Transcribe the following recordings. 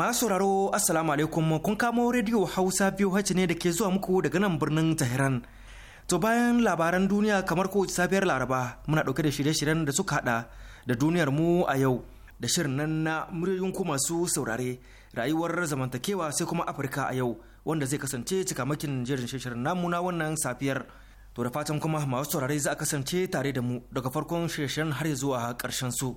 Masu sauraro Assalamu alaikum kun kamo rediyo Hausa biyu hace ne da ke zuwa muku daga nan birnin Tehran. To bayan labaran duniya kamar ko safiyar Laraba muna dauke da shirye-shiryen da suka hada da duniyar mu a yau da shirin nan na muryoyin ku masu saurare rayuwar zamantakewa sai kuma Afirka a yau wanda zai kasance cikamakin jerin shirin namu na wannan safiyar. To da fatan kuma masu saurare za a kasance tare da mu daga farkon shirye-shiryen har zuwa karshen su.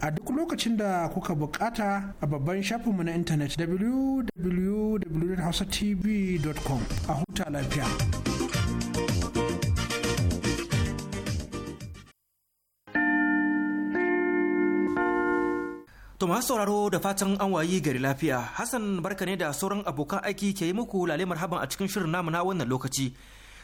a duk lokacin da kuka bukata a babban shafinmu na intanet www.hausatv.com a huta lafiya. To masu sauraro da fatan an wayi gari lafiya, Hassan barka ne da sauran abokan aiki ke yi muku lalemar haban a cikin shirin namu na wannan lokaci.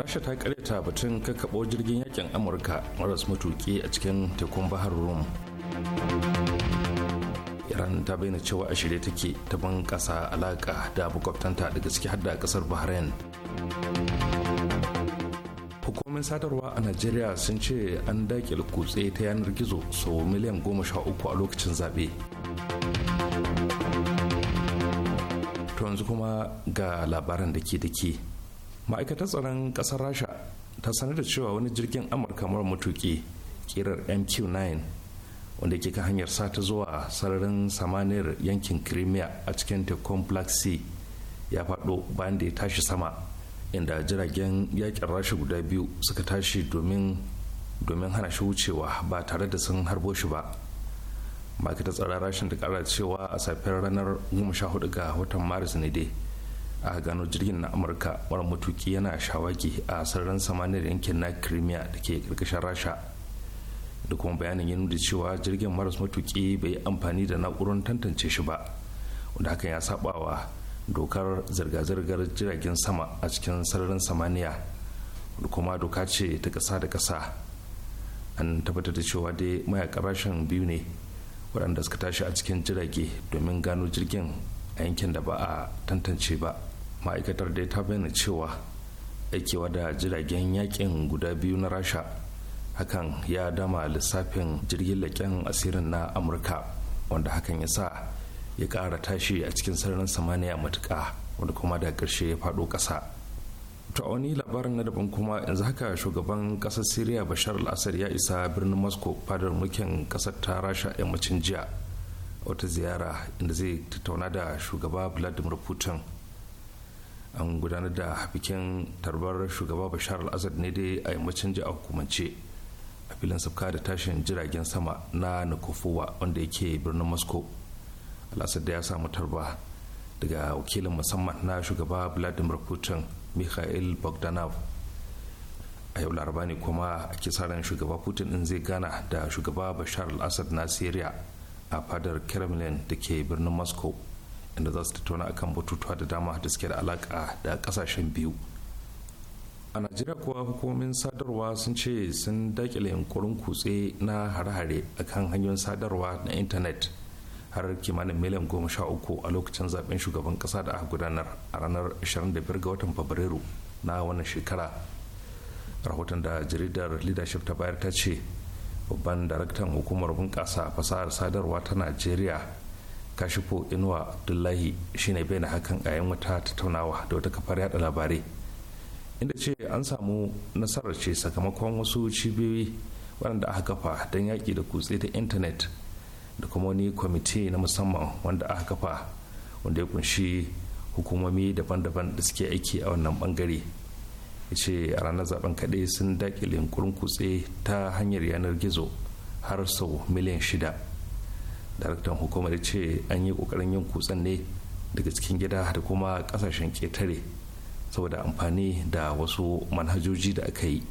rasha ta karyata batun kakkaɓo jirgin yakin amurka maras matuki a cikin tekun bahar rum iran ta bayyana cewa a shirye take ta bunƙasa alaƙa da makwabtanta daga ciki har da ƙasar bahrain hukumomin sadarwa a najeriya sun ce an daƙil kutse ta yanar gizo sau miliyan goma sha uku a lokacin zaɓe to yanzu kuma ga labaran da ke da ke ma'aikatar tsaron kasar rasha ta sanar da cewa wani jirgin amurka mara matuki kirar mq9 wanda ke kan hanyar sata zuwa sararin samaniyar yankin crimea a cikin tekun black sea ya faɗo bayan da ya tashi sama inda jiragen yakin rasha guda biyu suka tashi domin domin hana shi wucewa ba tare da sun harbo shi ba ma'aikatar tsaron rashin da kara cewa a safiyar ranar 14 ga watan maris ne dai a gano jirgin na amurka mara matuki yana shawaki a sararin samaniyar yankin na crimea da ke karkashin rasha da kuma bayanin ya nuna cewa jirgin maras matuki bai amfani da na'urar tantance shi ba wanda hakan ya sabawa dokar zirga-zirgar jiragen sama a cikin sararin samaniya da kuma doka ce ta kasa da kasa an tabbatar da cewa dai mayaka rashin biyu ne waɗanda suka tashi a cikin jirage domin gano jirgin a yankin da ba a tantance ba ma'aikatar dai ta bayyana cewa aikewa da jiragen yakin guda biyu na rasha hakan ya dama lissafin jirgin leƙen asirin na amurka wanda hakan ya sa ya ƙara tashi a cikin sararin samaniya matuka wanda kuma da ƙarshe ya faɗo ƙasa ta wani labarin na daban kuma yanzu haka shugaban ƙasar syria bashar al ya isa birnin moscow fadar mulkin ƙasar ta rasha yammacin jiya wata ziyara inda zai tattauna da shugaba vladimir putin an gudanar da bikin tarbar shugaba bashar al-assad ne dai a yammacin ji a hukumance a filin sabka da tashin jiragen sama na nukufuwa wanda yake birnin moscow al-assad da ya samu tarba daga wakilin musamman na shugaba vladimir putin mikhail bogdanov a yau laraba ne kuma a kisaran shugaba putin din zai gana da shugaba bashar al-assad na syria a fadar kremlin da ke birnin moscow inda za su tattauna akan batutuwa da dama da suke da alaƙa da kasashen biyu a najeriya kuwa hukumomin sadarwa sun ce sun dakile yunkurin kutse na hare-hare akan hanyoyin sadarwa na intanet har kimanin miliyan goma sha uku a lokacin zaben shugaban kasa da aka gudanar a ranar 25 ga watan fabrairu na wannan shekara rahoton da jaridar leadership ta bayar ta ce babban daraktan hukumar bunƙasa fasahar sadarwa ta najeriya kashifo inuwa abdullahi shine na hakan a yan wata tattaunawa da wata kafar yada labarai inda ce an samu nasarar ce sakamakon wasu cibiyoyi waɗanda aka kafa don yaƙi da kutse ta intanet da kuma wani kwamiti na musamman wanda aka kafa wanda ya kunshi hukumomi daban-daban da suke aiki a wannan bangare ya ce a ranar zaben kaɗai sun daƙile yunkurin kutse ta hanyar yanar gizo har sau miliyan shida daraktan hukumar ce an yi kokarin yin kutsan ne daga cikin gida da kuma kasashen ketare saboda amfani da wasu manhajoji da aka yi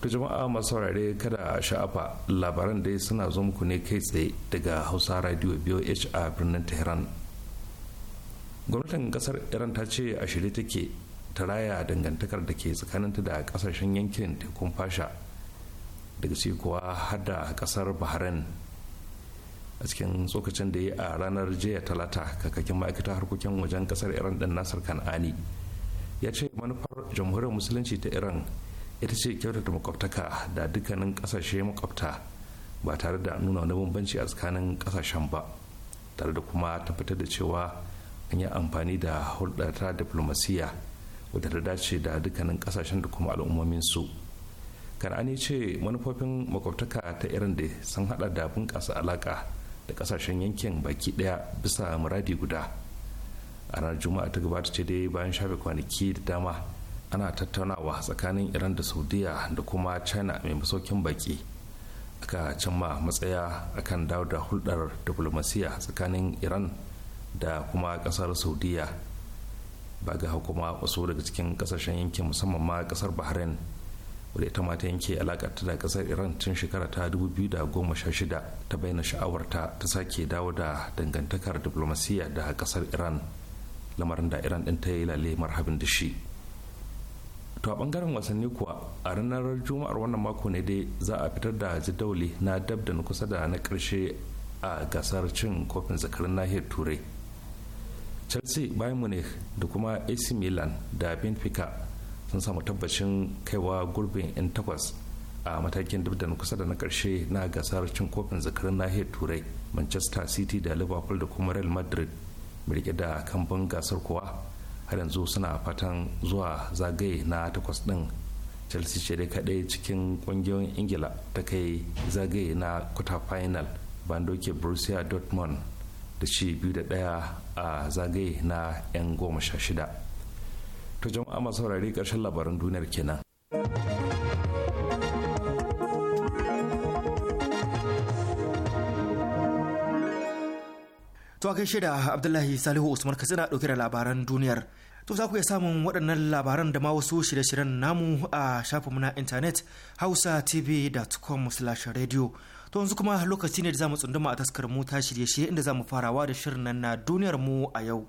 ta jama'a masu saurare kada a sha'afa labaran dai suna zo muku ne kai tsaye daga hausa radio boh a birnin tehran gwamnatin kasar iran ta ce a shirye take ta raya dangantakar da ke tsakaninta da kasashen yankin tekun fasha daga kuwa har da kasar bahrain a cikin tsokacin da ya yi a ranar jiya talata kakakin ma'aikatar harkokin wajen kasar iran din nasar kan'ani ya ce manufar jamhuriyar musulunci ta iran ita ce kyautata makwabtaka da dukkanin kasashe makwabta ba tare da nuna wani bambanci a tsakanin kasashen ba tare da kuma tabbatar da cewa an yi amfani da hulɗar ta diplomasiya wadda ta dace da dukkanin kasashen da kuma al'ummomin su kan'ani ce manufofin makwabtaka ta iran da sun hada da bunƙasa alaƙa da kasashen yankin baki daya bisa muradi guda a ranar juma'a ta gabata ce dai bayan shafe kwanaki da dama ana tattaunawa tsakanin iran da saudiya da kuma china mai masaukin baki aka cimma matsaya akan dawo da hulɗar diplomasiya tsakanin iran da kuma ƙasar saudiya ba ga kuma wasu daga cikin kasashen yankin musamman ma ƙasar bahrain wadda ita ma ta yanke alakar ta da kasar iran tun shekara ta 2016 ta bayyana sha'awarta ta sake dawo da dangantakar diplomasiya da kasar iran lamarin da iran din ta yi lale marhabin da shi to a bangaren wasanni kuwa a ranar juma'ar wannan mako ne dai za a fitar da jidauli na dab da kusa da na karshe a gasar cin kofin zakarin nahiyar turai chelsea bayern munich da kuma ac milan da benfica sun samu tabbacin kaiwa gurbin 'yan takwas a matakin duk na kusa da na karshe na gasar cin kofin zakarin nahiyar turai manchester city da liverpool da kuma real madrid rike da kambun gasar kuwa har yanzu suna fatan zuwa zagaye na takwas din chelsea ce kadai cikin kungiyoyin ingila ta kai zagaye na kwata final bandoke doke borussia dortmund da ci biyu da daya a zagaye na 'yan goma sha shida to jama'a masu saurari karshen labaran duniyar kenan To kai shida Abdullahi Salihu Usman Katsina ɗauke da labaran duniyar. To za ku iya samun waɗannan labaran da ma wasu shirye-shiryen namu a shafin na intanet hausa hausatv.com slash radio. To yanzu kuma lokaci ne da za mu tsunduma a taskar mu ta shirye shi inda za mu farawa da shirin nan na duniyar mu a yau.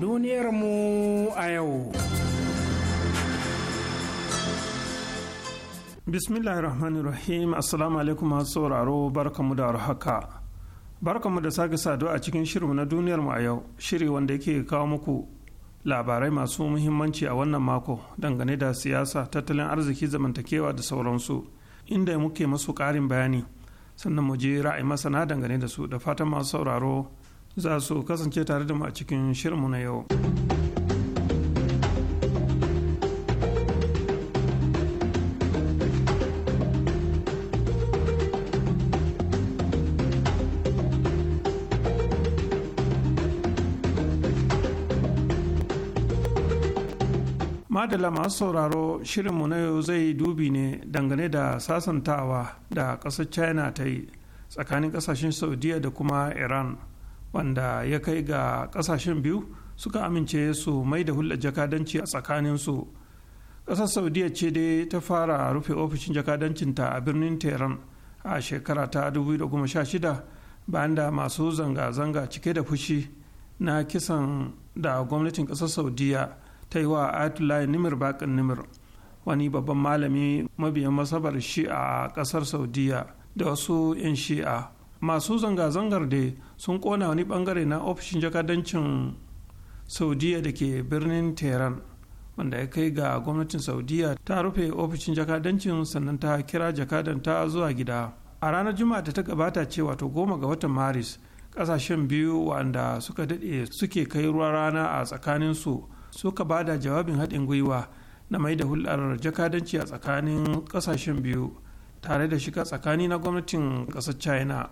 duniyarmu a yau. Bismillahirrahmanirrahim Assalamu alaikum masu sauraro barkamu da haka Barkamu da sake saduwa a cikin shirin na duniyarmu a yau, shiri wanda yake kawo muku labarai masu muhimmanci a wannan mako dangane da siyasa, tattalin arziki, zamantakewa da sauransu, inda muke masu ƙarin bayani. Sannan mu je ra'ayi masana dangane da su da fatan masu sauraro za su kasance tare da mu a cikin shirinmu na yau. madala masu sauraro shirinmu na yau zai dubi ne dangane da sasantawa da ƙasar china ta yi tsakanin ƙasashen saudiya da kuma iran wanda ya kai ga kasashen biyu suka amince su mai da hulɗar jakadanci a tsakaninsu ƙasar saudiya ce dai ta fara rufe ofishin jakadancinta a birnin tehran a shekara ta 2016 bayan da masu zanga-zanga cike da fushi na kisan da gwamnatin ƙasar saudiya ta yi wa ayatollah nimir bakin nimir wani babban malami mabiyan masabar shi'a a ƙasar saudiya da wasu 'yan shi'a masu zanga-zangar da sun kona wani bangare na ofishin jakadancin saudiya da ke birnin tehran wanda ya kai ga gwamnatin saudiya ta rufe ofishin jakadancin sannan ta kira jakadanta zuwa gida a ranar juma'a da ta gabata ce wato goma ga watan maris kasashen biyu wanda suka daɗe suke kai ruwa rana a tsakaninsu suka ba da jawabin haɗin gwiwa na mai da hulɗar jakadanci a tsakanin kasashen biyu tare da shiga tsakani na gwamnatin ƙasar china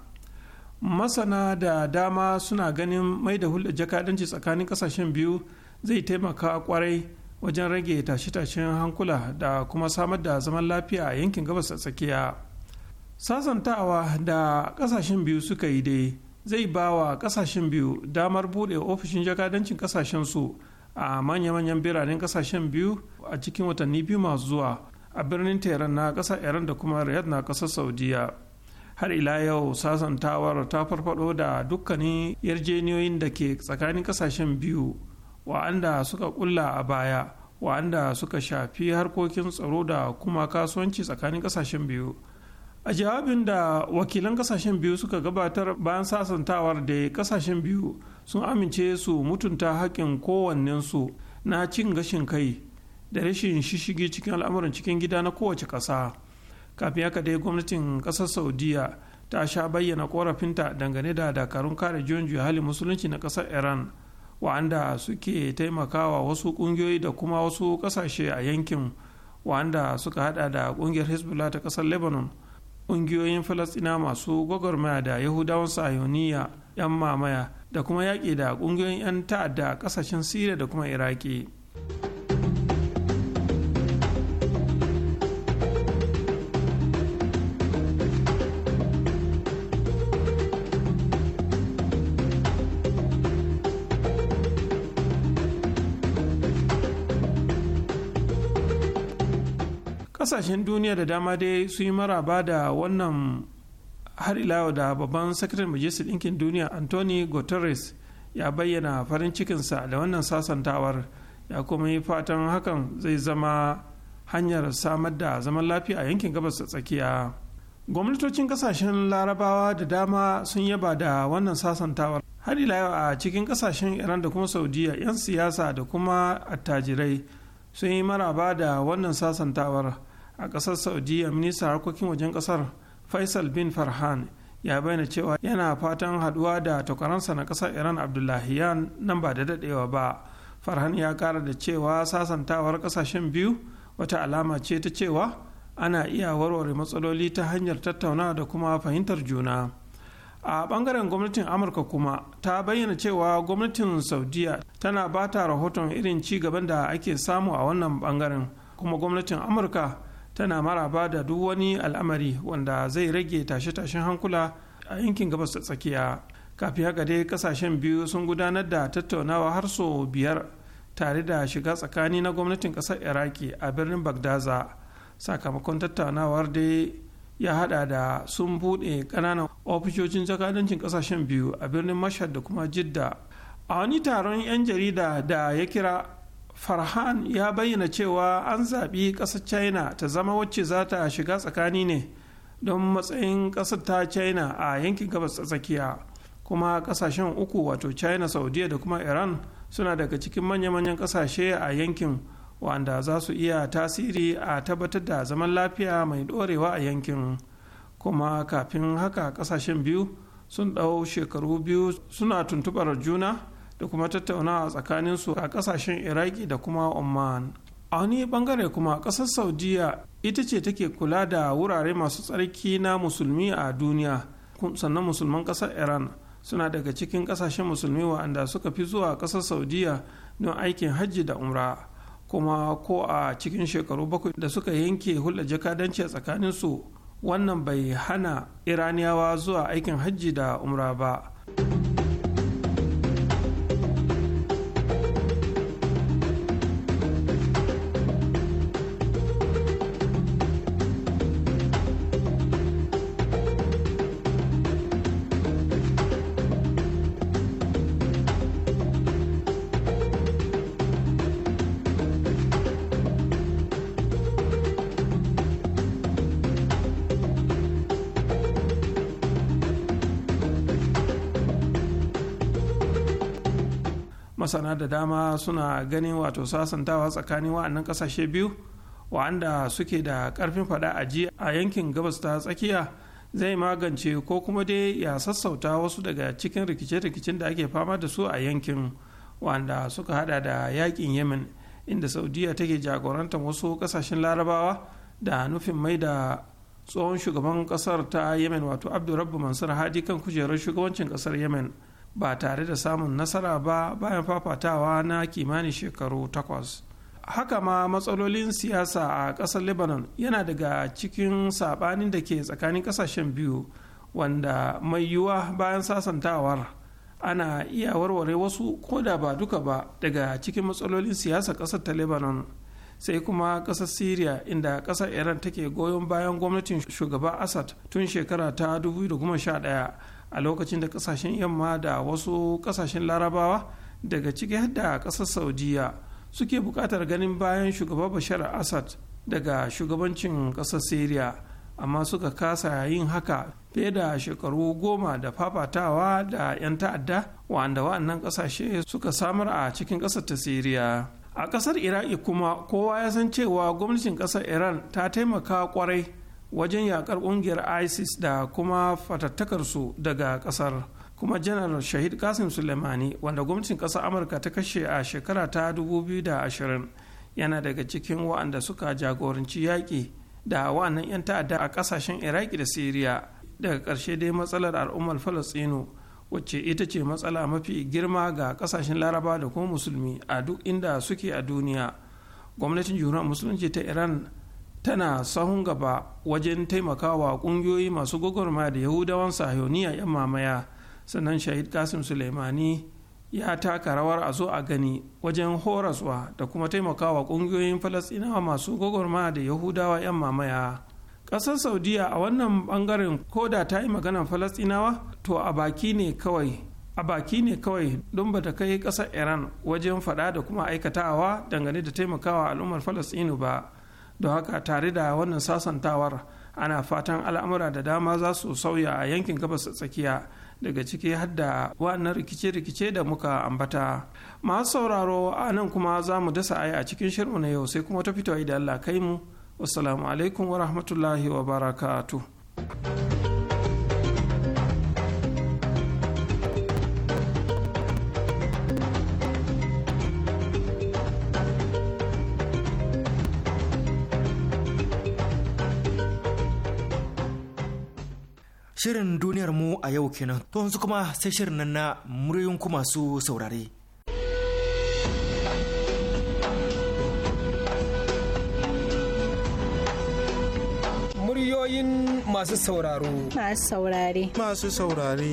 masana da dama suna ganin mai da hulɗa jakadanci tsakanin ƙasashen biyu zai taimaka kwarai wajen rage tashe-tashen hankula da kuma samar da zaman lafiya a yankin gabas tsakiya sasantawa da ƙasashen biyu suka yi dai zai ba wa ƙasashen biyu damar buɗe ofishin jakadancin ƙasashen su a manya-manyan biranen ƙasashen biyu a cikin watanni biyu masu zuwa a birnin teran na ƙasar iran da kuma riyadh na kasar saudiya har ila yau sasantawar ta farfado da dukkanin yarjeniyoyin da ke tsakanin kasashen biyu wa'anda suka kulla a baya wa'anda suka shafi harkokin tsaro da kuma kasuwanci tsakanin kasashen biyu a jawabin da wakilan kasashen biyu suka gabatar bayan sasantawar da kasashen biyu sun amince su mutunta haƙƙin kowannensu na cin gashin kai da rashin shishigi cikin al'amuran cikin gida na kowace ƙasa. kafin haka dai gwamnatin kasar saudiya ta sha bayyana korafinta dangane da dakarun kare juyin juya hali musulunci na kasar iran wa'anda suke taimakawa wasu kungiyoyi da kuma wasu kasashe a yankin wa'anda suka hada da kungiyar hezbollah ta kasar lebanon kungiyoyin falastina masu gwagwarmaya da yahudawan sayoniya yan mamaya da kuma yaƙi da kungiyoyin 'yan ta'adda kasashen siriya da kuma iraki. kasashen duniya da dama dai sun yi maraba da wannan har ila da babban sakataren majalisar ɗinkin duniya anthony guterres ya bayyana farin cikinsa da wannan sasantawar ya kuma yi fatan hakan zai zama hanyar samar da zaman lafiya a yankin gabas tsakiya gwamnatocin kasashen larabawa da dama sun yaba da wannan sasantawar har ila a cikin kasashen iran da kuma saudiya 'yan siyasa da kuma attajirai sun yi maraba da wannan sasantawar a ƙasar saudiya ministan harkokin wajen ƙasar faisal bin farhan ya bayyana cewa yana fatan haduwa da takwaransa na ƙasar iran abdullahiyan nan ba da daɗewa ba farhan ya ƙara da cewa sasantawar ƙasashen biyu wata alama ce ta cewa ana iya warware matsaloli ta hanyar tattaunawa da kuma fahimtar juna a bangaren gwamnatin amurka kuma ta bayyana cewa gwamnatin saudiya tana ba ta rahoton irin ci gaban da ake samu a wannan bangaren kuma gwamnatin amurka tana maraba da duk wani al'amari wanda zai rage tashe-tashen hankula a yankin gabas ta tsakiya kafin haka dai kasashen biyu sun gudanar da tattaunawa har sau biyar tare da shiga tsakani na gwamnatin kasar iraki a birnin bagdaza sakamakon tattaunawar dai ya hada da sun buɗe ƙananan ofisoshin jakadancin kasashen biyu a birnin mashhad da kuma jidda a wani taron 'yan jarida da ya kira farhan ya bayyana cewa an zaɓi ƙasar china ta zama wacce za ta shiga tsakani ne don matsayin ƙasar ta china a yankin gabas tsakiya kuma ƙasashen uku wato china saudiya da kuma iran suna daga cikin manya-manyan ƙasashe a yankin wanda za su iya tasiri a tabbatar da zaman lafiya mai ɗorewa a yankin kuma kafin haka ƙasashen biyu sun ɗau shekaru biyu suna tuntuɓar juna da kuma tattaunawa su a kasashen iraki da kuma oman a wani bangare kuma kasar saudiya ita ce take kula da wurare masu tsarki na musulmi a duniya sannan musulman kasar iran suna daga cikin kasashen musulmi waɗanda suka fi zuwa kasar saudiya don aikin hajji da umra kuma ko a cikin shekaru bakwai da suka yanke hulɗa jakadanci a tsakaninsu wannan bai hana iraniyawa zuwa aikin hajji da umra ba. da dama suna ganin wato sasantawa tsakanin wa'annan kasashe biyu wa'anda suke da karfin fada a ji a yankin gabas ta tsakiya zai magance ko kuma dai ya sassauta wasu daga cikin rikice-rikicen da ake fama da su a yankin wanda suka hada da yakin yemen inda saudiya take jagorantar wasu kasashen larabawa da nufin mai da tsohon shugaban kasar ta yemen wato abdurrabbu mansur hadi kan kujerar shugabancin kasar yemen ba tare da samun nasara ba bayan fafatawa na kimanin shekaru takwas haka ma matsalolin siyasa a ƙasar lebanon yana daga cikin saɓanin da ke tsakanin ƙasashen biyu wanda mai yiwuwa bayan sasantawar ana iya warware wasu ko da ba duka ba daga cikin matsalolin siyasa ƙasar ta lebanon sai kuma ƙasar syria inda ƙasar iran take goyon bayan gwamnatin shugaba assad tun shekara ta 2011 a lokacin da kasashen yamma da wasu kasashen larabawa daga ciki har da kasar saudiya suke buƙatar ganin bayan shugaba bashar Asad daga shugabancin kasar syria amma suka kasa yin haka fiye da shekaru goma da fafatawa da 'yan ta'adda wa'anda wa'annan kasashe suka samar a cikin kasar ta syria a kasar iraki kuma kowa ya san cewa gwamnatin kasar iran ta taimaka kwarai wajen yakar kungiyar isis da kuma fatattakarsu daga kasar kuma janar shahid kasim sulemani wanda gwamnatin kasar amurka ta kashe a shekara ta 2020 yana daga cikin wa'anda suka jagoranci yaƙi da wa'annan 'yan ta'adda a ƙasashen iraki da siriya daga ƙarshe dai matsalar al'ummar falastinu wacce ita ce matsala mafi girma ga ƙasashen laraba da kuma musulmi a duk inda suke a duniya gwamnatin juna musulunci ta iran tana sahun gaba wajen taimakawa kungiyoyi masu gwagwarmaya da yahudawan sahiyoniya 'yan mamaya sannan shahid kasim suleimani ya taka rawar a zo a gani wajen horaswa da kuma taimakawa kungiyoyin falasɗinawa masu gwagwarmaya da yahudawa 'yan mamaya ƙasar saudiya a wannan bangaren ko da ta yi maganan falasɗinawa to a baki ne kawai a baki ne kawai don ba ta kai ƙasar iran wajen faɗa da kuma aikatawa dangane da taimakawa al'ummar falasɗinu ba don haka tare da wannan sasantawar ana fatan al'amura da dama za su sauya a yankin gabas tsakiya daga ciki har da wa'annan rikice-rikice da muka ambata masu sauraro a nan kuma za mu dasa aya a cikin shirmu na yau sai kuma ta fito da Allah kai mu wasu alaikum wa rahmatullahi wa barakatu. Shirin duniyar mu a yau kenan, to yanzu kuma sai shirin nan na muryoyin ku masu saurare. Muryoyin masu sauraro. Masu saurare. Masu saurare.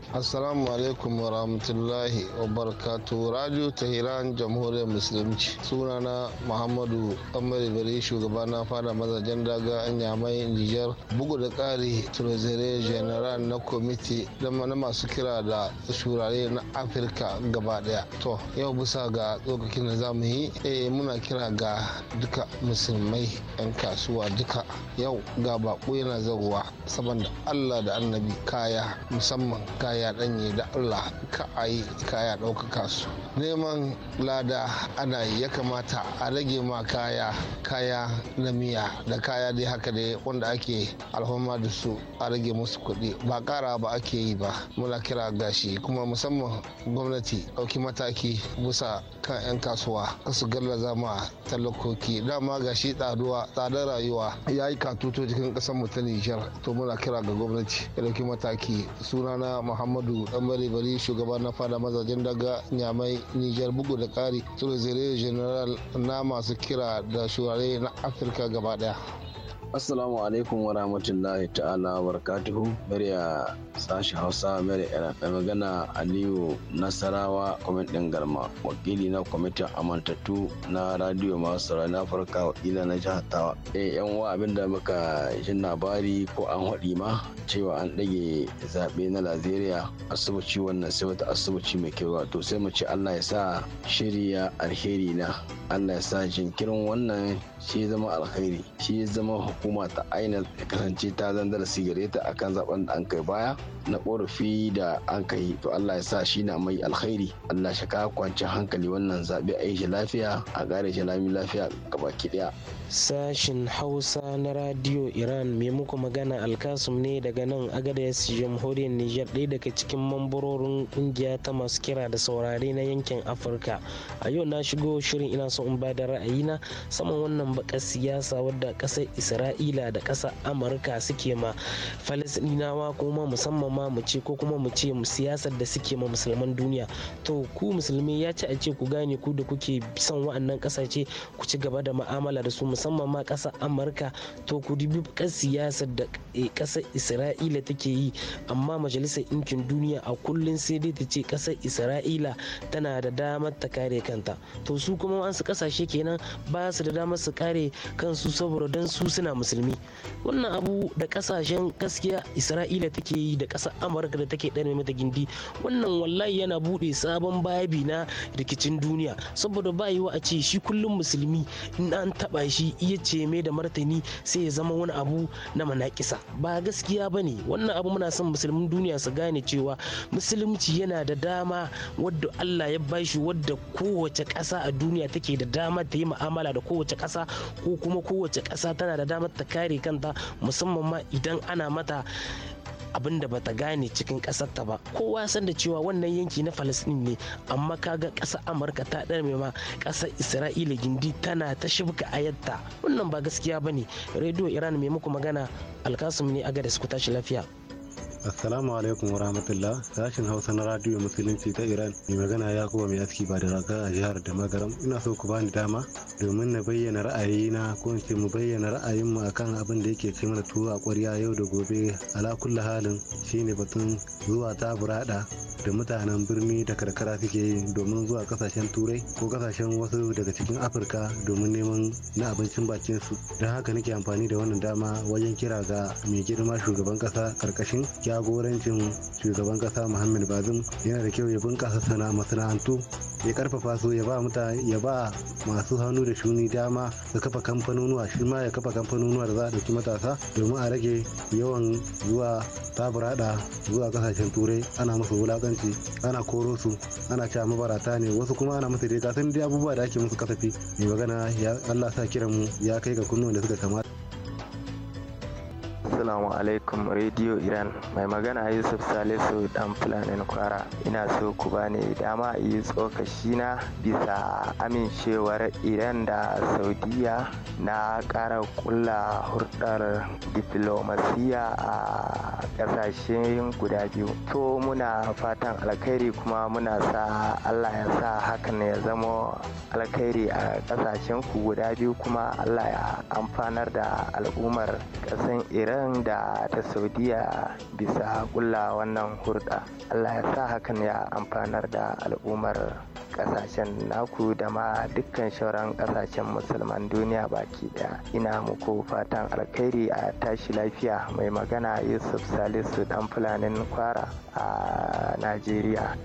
assalamu alaikum wa rahmatullahi wa barakatu radio hiran jamhuriyar musulunci sunana muhammadu amari bari shugaba na fada mazajen daga yamai nijar bugu da kari trezere general na kwamiti na masu kira da shurare na afirka gaba daya to yau bisa ga tsokakin da zamu yi eh muna kira ga duka musulmai yan kasuwa duka yau ga bako yana zagowa saboda allah da annabi kaya musamman kaya ya danye da allah ka a yi kaya ɗaukaka su neman lada ana yi ya kamata a rage ma kaya kaya na miya da kaya dai haka dai wanda ake alhama da su a rage musu kuɗi ba ƙara ba ake yi ba muna kira gashi kuma musamman gwamnati ɗauki mataki bisa kan 'yan kasuwa kasu gallaza ma talakoki dama gashi tsaduwa tsadar rayuwa ya yi katuto cikin ƙasar mu ta nijar to muna kira ga gwamnati ya ɗauki mataki sunana muhammad Muhammadu Dan Bari shugaba na fada mazajen daga Nyamai Nijar bugu da kari Sulozere General na masu kira da shurare na Afirka gaba daya. Assalamu alaikum wa rahmatullahi ta'ala wa barakatuhu murya sashi Hausa murya Iraq magana Aliyu Nasarawa kwamit ɗin Garma wakili na kwamitin amantattu na radio masu na farka wakila na jihar Tawa. Eh yan uwa abinda muka jin labari ko an haɗi ma cewa an ɗage zaɓe na Najeriya asubuci wannan sai wata asubuci mai kyau to sai mu ce Allah ya sa shirya alheri na Allah ya sa jinkirin wannan shi ya zama alkhairi shi ya zama hukuma ta aina ta kasance ta zandar darasi gare ta akan zaben da an kai baya na ƙorafi da an kai to Allah ya sa shi na mai alkhairi Allah shi ka kwanci hankali wannan zaɓe a yi shi lafiya a gare shi lami lafiya gabaki ɗaya. Sashin Hausa na Radio Iran mai muku magana alkasum ne daga nan Agadez jamhuriyar Nijar ɗaya daga cikin mambarorin ƙungiya ta masu kira da saurare na yankin Afirka. A yau na shigo shirin ina so in ba bada ra'ayina saman wannan baka siyasa wadda kasar Isra'ila da ƙasar Amurka suke ma Falasɗinawa kuma musamman ma mu ce ko kuma mu ce mu siyasar da suke ma musulman duniya to ku musulmi ya ci a ce ku gane ku da kuke son wa'annan kasashe ku ci gaba da mu'amala da su musamman ma kasar amurka to ku dubi siyasar da kasar eh, isra'ila take yi amma majalisar ɗinkin duniya a kullum sai dai ta ce ƙasar isra'ila tana da damar ta kare kanta to su kuma wasu kasashe kenan ba su da damar su kare kansu saboda dan su suna musulmi wannan abu da ƙasashen gaskiya isra'ila take yi da ƙasar amurka da take ɗane mata gindi wannan wallahi yana buɗe sabon babi na rikicin duniya saboda ba yiwa a ce shi kullum musulmi in an taɓa shi iya ce mai da martani sai ya zama wani abu na manaƙisa ba gaskiya ba ne wannan abu muna son musulmin duniya su gane cewa musulunci yana da dama wadda allah ya bashi wadda kowace ƙasa a duniya take da dama ta yi mu'amala da kowace ƙasa ko kuma kowace ƙasa tana da damar ta kare kanta musamman ma idan ana mata abin da bata gane cikin ƙasar ta ba kowa san da cewa wannan yanki na falastin ne amma kaga ƙasar amurka ta ɗarme ma ƙasar isra'ila gindi tana ta shibka ayatta wannan ba gaskiya bane rediyo iran mai muku magana alkasum ne aga da su tashi lafiya Assalamu alaikum wa rahmatullah sashen Hausa na radio musulunci ta Iran mai magana ya kuma mai aski ba da raga a jihar da magaram ina so ku bani dama domin na bayyana ra'ayina ko in ce mu bayyana ra'ayinmu akan abin da yake ce mana tuwo a ƙwarya yau da gobe ala halin shine batun zuwa ta burada da mutanen birni da karkara suke yi domin zuwa kasashen turai ko kasashen wasu daga cikin afirka domin neman na abincin bakin su don haka nake amfani da wannan dama wajen kira ga mai girma shugaban kasa karkashin jagorancin shugaban kasa muhammad bazum yana da kyau ya bunkasa sana masana'antu ya karfafa su ya ba mutane ya ba masu hannu da shuni dama su kafa kamfanonuwa shi ma ya kafa kamfanonuwa da za a dauki matasa domin a rage yawan zuwa taburada zuwa kasashen turai ana musu wulakanci ana koro su ana cewa mabarata ne wasu kuma ana musu dai gasan dai abubuwa da ake musu kasafi mai magana ya Allah sa kiran mu ya kai ga kunnuwan da suka kamata Assalamu alaikum Radio Iran mai magana Yusuf Salisu dan Fulanin Kwara ina so ku bani dama yi tsokashi na bisa amincewar Iran da Saudiya na ƙara kulla hurɗar diplomasiya a ƙasashen guda biyu. To muna fatan alkhairi kuma muna sa Allah ya sa hakan ya zama alkhairi a ƙasashen ku guda biyu kuma Allah ya amfanar da al'ummar ƙasan Iran iran da ta saudiya bisa kulla wannan hurɗa allah ya sa hakan ya amfanar da al'ummar kasashen naku da ma dukkan shauran kasashen musulman duniya baki daya ina muku fatan alkhairi a tashi lafiya mai magana yusuf salisu dan fulanin kwara a najeriya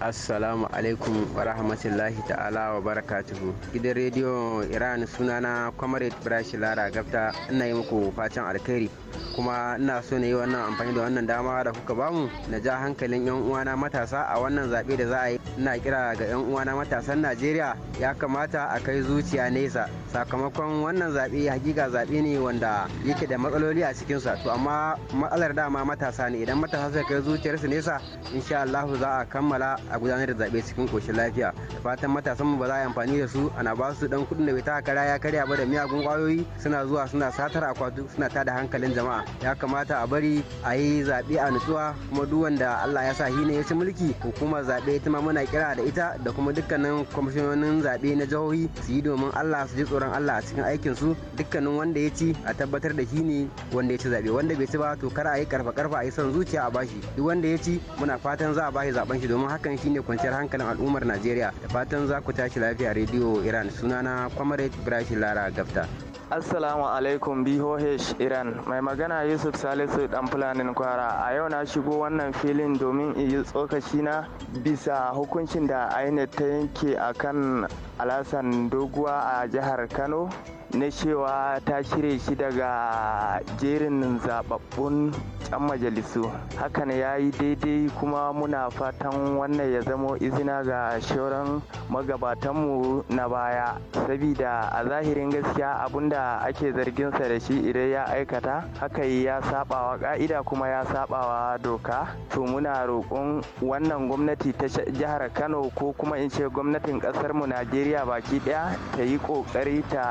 assalamu alaikum wa rahmatullahi ta'ala wa barakatuhu gidan rediyo iran sunana comrade brashi lara gafta ina yi muku fatan alkhairi kuma ina so na yi wannan amfani da wannan dama da kuka bamu na ja hankalin yan uwana matasa a wannan zaɓe da za a yi ina kira ga yan uwana matasan najeriya ya kamata a kai zuciya nesa sakamakon wannan zaɓe hakika zaɓe ne wanda yake da matsaloli a cikinsa to amma matsalar dama matasa ne idan matasa suka kai zuciyarsu nesa insha allahu za a kammala a gudanar da zaɓe cikin ƙoshin lafiya da fatan matasan mu ba za a amfani da su ana ba su dan kuɗin da bai taka kara ya karya ba da miyagun kwayoyi suna zuwa suna satar akwatu suna tada hankalin jama'a ya kamata a bari a yi zaɓe a nutsuwa kuma duk wanda Allah ya sa shi ne ya ci mulki hukumar zaɓe ita ma muna kira da ita da kuma dukkanin kwamishinonin zaɓe na jihohi su yi domin Allah su ji tsoron Allah a cikin aikin su dukkanin wanda ya ci a tabbatar da shi ne wanda ya ci zaɓe wanda bai ci ba to kar a yi karfa karfa a yi son zuciya a bashi duk wanda ya ci muna fatan za a bashi zaben shi domin hakan shine kwanciyar hankalin al'ummar Najeriya. Da fatan za ku tashi lafiya rediyo Iran sunana Comrade Ibrahim Lara Gafta. Assalamu alaikum BOH Iran mai magana Yusuf Salisu dan fulanin kwara a yau na shigo wannan filin domin yi tsokaci na bisa hukuncin da INEC ta yanke akan alasan doguwa a jihar Kano na cewa ta cire shi daga jerin zababbun can majalisu hakan ya yi daidai kuma muna fatan wannan ya zamo izina ga shauran magabatanmu na baya sabida a zahirin gaskiya abinda ake zarginsa da shi idan ya aikata haka ya sabawa ka'ida kuma ya sabawa doka to muna roƙon wannan gwamnati ta jihar kano ko kuma in ce gwamnatin ƙasarmu najeriya baki ɗaya ta yi ƙoƙari ta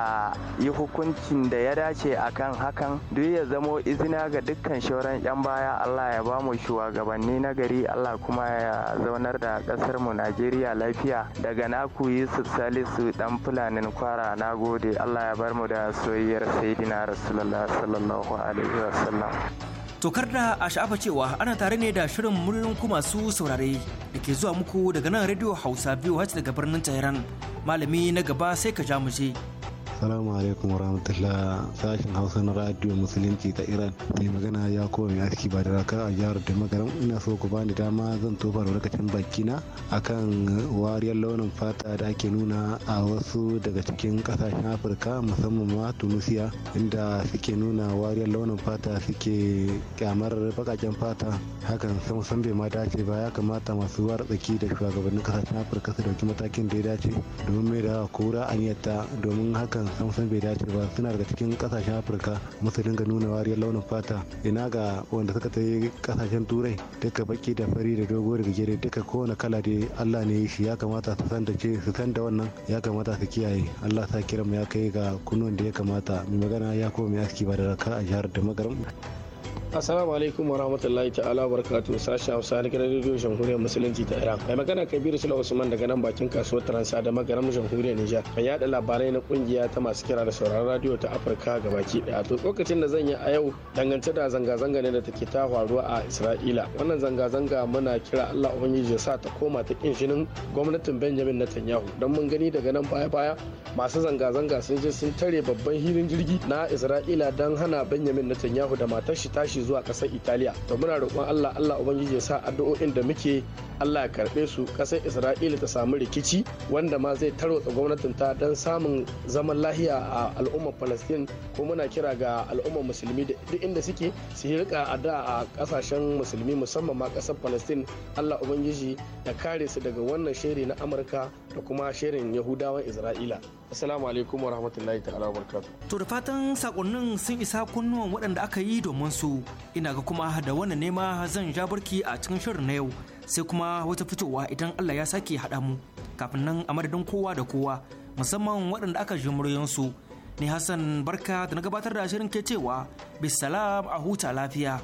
yi hukuncin da ya dace a kan hakan duk ya zamo izina ga dukkan shauran 'yan baya Allah ya ba mu shugabanni na gari Allah kuma ya zaunar da kasar mu Najeriya lafiya daga na yi su Salisu dan fulanin kwara na gode Allah ya bar mu da soyayyar Sayyidina Rasulullah sallallahu alaihi wasallam Tokar da a sha'afa cewa ana tare ne da shirin murnin ku masu saurare da ke zuwa muku daga nan Radio Hausa biyu hace daga birnin Tehran. Malami na gaba sai ka ja mu je. Assalamu alaikum warahmatullah sashen Hausa na radio musulunci ta Iran mai magana ya kowa mai aski ba da raka a jihar da magaram ina so ku bani dama zan tofa albarkacin bakina akan wariyar launin fata da ake nuna a wasu daga cikin kasashen Afirka musamman ma Tunisia inda suke nuna wariyar launin fata suke kyamar bakaken fata hakan sam san bai ma dace ba ya kamata masu war tsaki da shugabannin kasashen Afirka su dauki matakin da ya dace domin mai da kura aniyarta domin hakan samson bai dace ba suna daga cikin kasashen afirka musu dinga nuna wariyar launin fata ina ga wanda suka tafi kasashen turai duka baki da fari da dogo da gajere duka kowane kala dai allah ne shi ya kamata su san da ce su san da wannan ya kamata su kiyaye allah sa kiran mu ya kai ga kunnuwan da ya kamata mai magana ya kuma mai aski ba da raka a jihar da magaram Assalamu alaikum wa rahmatullahi ta'ala wa barakatuh sashen Hausa na gidan rediyo Jamhuriyar Musulunci ta Iran. Mai magana Kabiru Sula Usman daga nan bakin kasuwar Transa da magaram Jamhuriyar Nijar. Mai yada labarai na kungiya ta masu kira da sauraron radio ta Afirka gabaki daya. To lokacin da zan yi a yau dangance da zanga-zanga ne da take ta faruwa a Isra'ila. Wannan zanga-zanga muna kira Allah Ubangiji ya sa ta koma ta kin shinin gwamnatin Benjamin Netanyahu. Dan mun gani daga nan baya-baya masu zanga-zanga sun je sun tare babban hirin jirgi na Isra'ila dan hana Benjamin Netanyahu da matar shi tashi zuwa ƙasar Italiya. To muna roƙon Allah Allah Ubangiji ya sa addu'o'in da muke Allah ya karɓe su kasar Isra'ila ta samu rikici wanda ma zai tarwatsa gwamnatin ta don samun zaman lahiya a al'ummar Palestine ko muna kira ga al'ummar musulmi da duk inda suke su rika da a kasashen musulmi musamman ma kasar Palestine Allah Ubangiji ya kare su daga wannan shiri na Amurka da kuma shirin Yahudawan Isra'ila. Assalamu alaikum wa rahmatullahi ta'ala wa To da fatan sakonnin sun isa kunnuwan waɗanda aka yi domin su ina ga kuma da wannan nema zan ja barki a cikin shirin na yau sai kuma wata fitowa idan Allah ya sake haɗa mu kafin nan a madadin kowa da kowa musamman waɗanda aka ji su Ni Hassan Barka da na gabatar da shirin ke cewa bisalam a huta lafiya.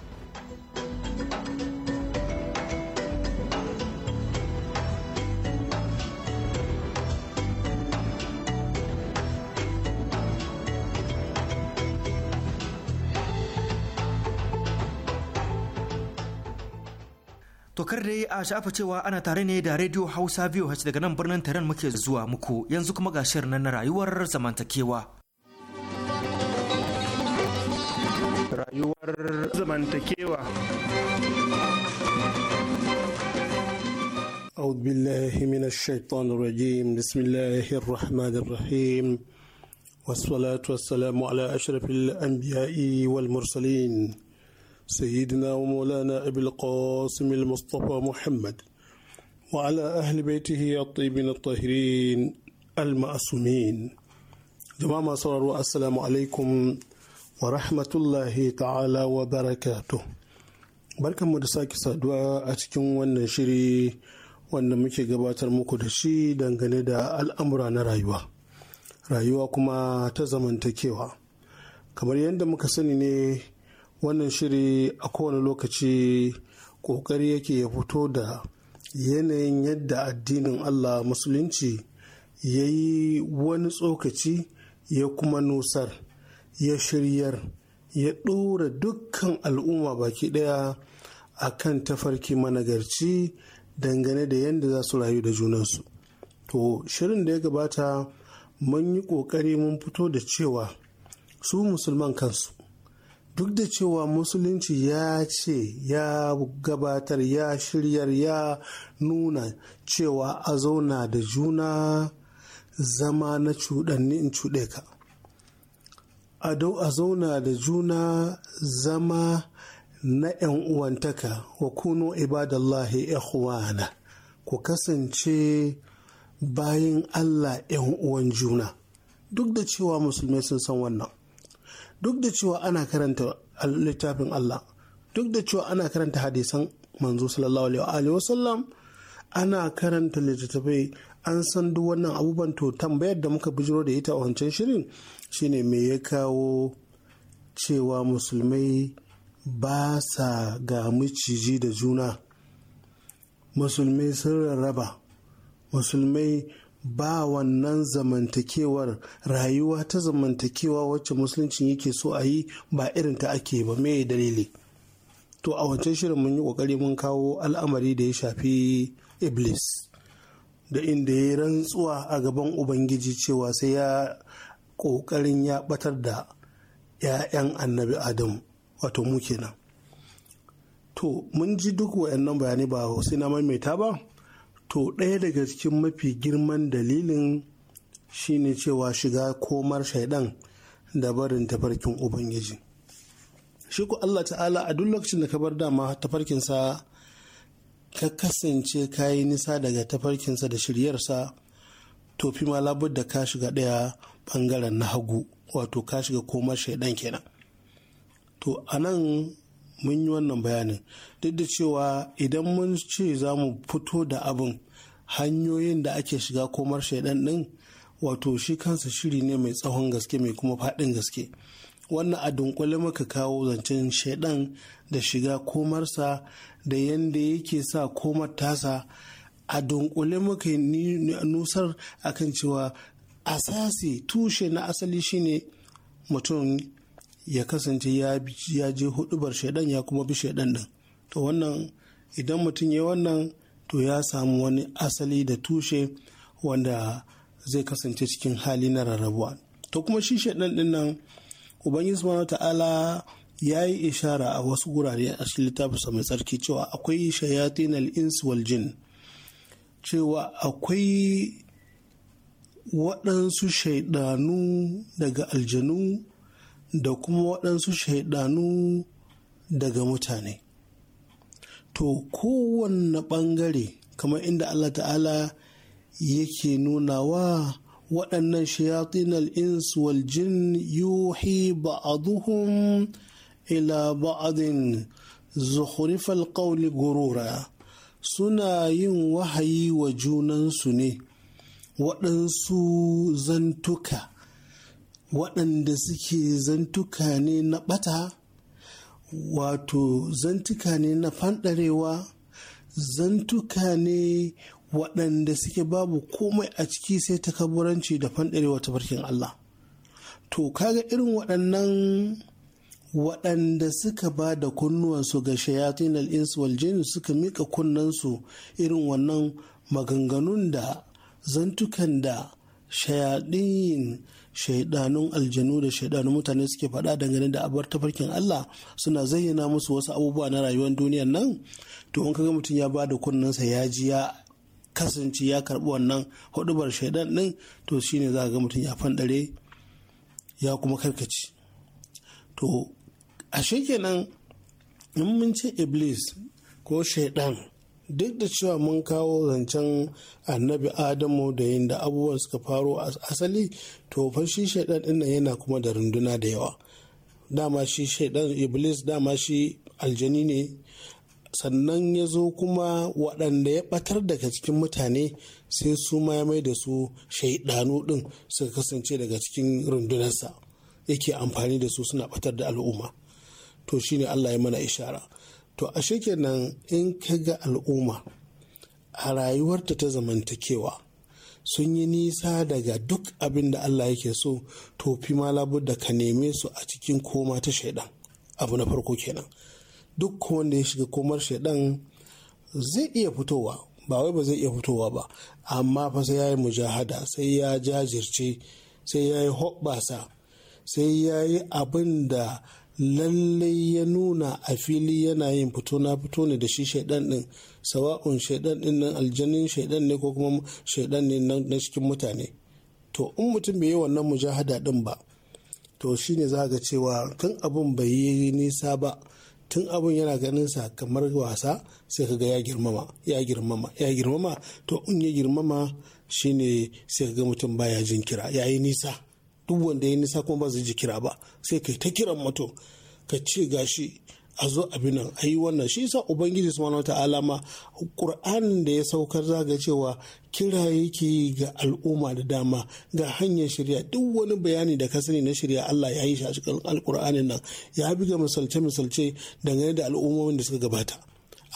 To kar dai a shafa cewa ana tare ne da Radio Hausa VOH daga nan birnin Tehran muke zuwa muku yanzu kuma ga shirin na rayuwar zamantakewa. Rayuwar zamantakewa. أعوذ بالله من الشيطان الرجيم بسم الله الرحمن الرحيم والصلاة والسلام على أشرف الأنبياء والمرسلين سيدنا ومولانا أبي القاسم المصطفى محمد وعلى أهل بيته الطيبين الطاهرين المأسومين جماعة صلوا السلام عليكم ورحمة الله تعالى وبركاته barkan mu da sake saduwa a cikin wannan shiri wanda muke gabatar muku da shi dangane da al'amura na rayuwa rayuwa kuma ta zamantakewa kamar yadda muka sani ne wannan shiri a kowane lokaci kokari yake ya fito da yanayin yadda addinin allah musulunci ya yi wani tsokaci ya kuma nusar ya shiryar ya ɗora dukkan al'umma baki ɗaya a kan tafarki managarci dangane da yadda za su rayu da junansu to shirin da ya gabata mun yi ƙoƙari mun fito da cewa su musulman kansu duk da cewa musulunci ya ce ya gabatar ya shiryar ya nuna cewa a zauna da juna zama na cuɗanni in cuɗe ka a zauna da juna zama na 'yan uwantaka wa kuno ibadallahi ikhwana ku kasance bayan allah 'yan uwan juna duk da cewa musulmai sun san wannan duk da cewa ana karanta littafin Allah duk da cewa ana karanta hadisan manzo sallallahu alaihi wa sallam ana karanta littattafai an san duk wannan abubuwan to tambayar da muka bijiro da ita a wancan shirin shine me ya kawo cewa musulmai ba sa ga miciji da juna musulmai sun rarraba musulmai ba wannan zamantakewar rayuwa ta zamantakewa wacce musulunci yake so a yi ba irin ta ake ba mai dalili to a wancan shirin mun yi kokari mun kawo al'amari da ya shafi iblis da inda ya rantsuwa a gaban ubangiji cewa sai ya kokarin ya batar da 'ya'yan annabi adam wato mu kenan to mun ji duk wayannan bayanai ba sai na maimaita ba to ɗaya daga cikin mafi girman dalilin shine cewa shiga komar shaidan da barin tafarkin ubangiji shi ku Allah ta'ala a duk lokacin da ka bar dama tafarkinsa ka kasance ka yi nisa daga tafarkinsa da shiryarsa to fi ma labar da ka shiga ɗaya bangaren na hagu wato ka shiga komar shaidan kenan to a nan mun yi wannan bayanin duk da cewa idan mun ce za mu fito da abin hanyoyin da ake shiga komar shaidan din wato shi kansa shiri ne mai tsawon gaske mai kuma faɗin gaske wannan a dunkule maka kawo zancen shaidan da shiga komarsa da yadda yake sa komar tasa a dunkule maka nusar akan cewa asasi tushe na asali shine mutum ya kasance ya je hudubar shaidan ya kuma bi shaidan din to wannan idan mutum ya wannan to ya samu wani asali da tushe wanda zai kasance cikin hali na rarrabuwa to kuma shi shaidan din nan ubangiji subhanahu ta'ala ya yi ishara a wasu gurare a cikin littafinsa mai tsarki cewa akwai shayatin al-ins wal jin cewa akwai waɗansu shaidanu daga aljanu da kuma waɗansu shaidanu daga mutane to kowanne ɓangare kamar inda Allah ta'ala yake nunawa waɗannan shayatin al'ins wal jin yuhi ba'aduhum ila ba'adin zuhurifal qawli gurura suna yin wahayi wa junansu ne waɗansu zantuka waɗanda suke zantuka ne na ɓata wato zantuka ne na fanɗarewa zantuka ne waɗanda suke babu komai a ciki sai takaburanci da fanɗarewa ta barkin Allah to kaga irin waɗannan waɗanda suka ba da kunnuwansu ga shayatin al'insu waljenu suka miƙa kunnensu irin wannan maganganun da zantukan da shayaɗin shaidanun aljanu da shaidanun mutane suke faɗa dangane da abar tafarkin Allah suna zayyana musu wasu abubuwa na rayuwar duniyar nan to in kaga mutum ya bada kunnensa ya ji ya kasance ya karbi wannan hudubar shaidan din to shine za ga mutum ya fandare ya kuma karkaci? to ashe kenan in mun ce iblis ko shaidan duk da cewa mun kawo zancen annabi adamu da yadda abubuwan suka faru a asali to fa shi shaidan dinnan yana kuma da runduna da yawa dama shi shaidan iblis dama shi aljani ne sannan ya zo kuma waɗanda ya ɓatar daga cikin mutane sai su ma ya mai da su shaidanu ɗin suka kasance daga cikin rundunarsa yake amfani da su suna ɓatar da al'umma to shine allah ya mana ishara to a kenan in ka ga al'umma a rayuwarta ta zamantakewa sun yi nisa daga duk abin da Allah yake so to fi ma da ka neme su a cikin koma ta shaidan abu na farko kenan duk wanda ya shiga komar shaidan zai iya fitowa ba wai ba zai iya fitowa ba amma fa sai ya yi mujahada sai ya jajirce sai ya yi hoɓɓasa sai ya yi abin da lallai ya nuna a fili yana yin fito na fito ne da shi shaidan din sawa'un shaidan din nan aljanin shaidan ne ko kuma shaidan ne na cikin mutane to in mutum bai yi wannan mujahada din ba to shine za ga cewa tun abun bai yi nisa ba tun abun yana ganin sa kamar wasa sai ka ga ya girmama ya girmama ya girmama to in ya girmama shine sai ka ga mutum baya jin kira yayi nisa duk wanda ya nisa kuma ba zai ji kira ba sai kai ta kiran mutum ka ce gashi a zo abin nan a yi wannan shi yasa ubangiji su mana ta'ala ma qur'anin da ya saukar ga cewa kira yake ga al'umma da dama ga hanyar shirya duk wani bayani da ka sani na shirya Allah ya yi shi a cikin nan ya bi ga misalce misalce dangane da al'ummomin da suka gabata